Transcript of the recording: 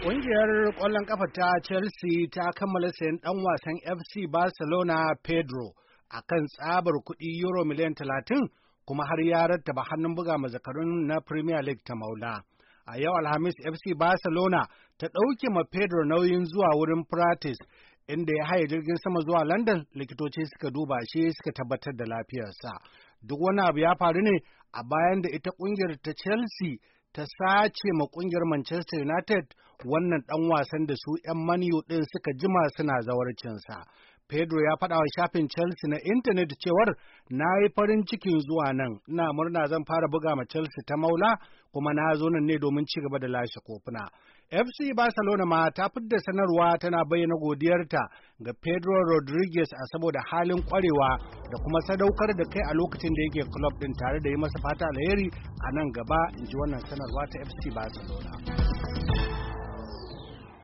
Ƙungiyar ƙwallon ƙafa ta Chelsea ta kammala sayan ɗan wasan FC Barcelona Pedro a kan tsabar kuɗi Euro miliyan talatin kuma har ya rattaba hannun buga mazakarun na Premier League ta maula. A yau Alhamis FC Barcelona ta ɗauke ma Pedro nauyin zuwa wurin practice inda ya haye jirgin sama zuwa London likitoci suka duba shi suka tabbatar da lafiyarsa. Duk wani abu ya faru ne a bayan da ita ƙungiyar ta Chelsea ta sace ma ƙungiyar Manchester United wannan ɗan wasan da su 'yan Manu ɗin suka jima suna zawarcinsa. Pedro ya faɗa wa shafin Chelsea na intanet cewar na yi farin cikin zuwa nan, ina murna zan fara buga ma Chelsea ta maula kuma na zo nan ne domin ci gaba da lashe kofuna. FC Barcelona ma ta fidda sanarwa tana bayyana godiyarta ga Pedro Rodriguez a saboda halin kwarewa da kuma sadaukar da kai a lokacin da yake club din tare da yi masa fata alheri a nan gaba in ji wannan sanarwa ta FC Barcelona.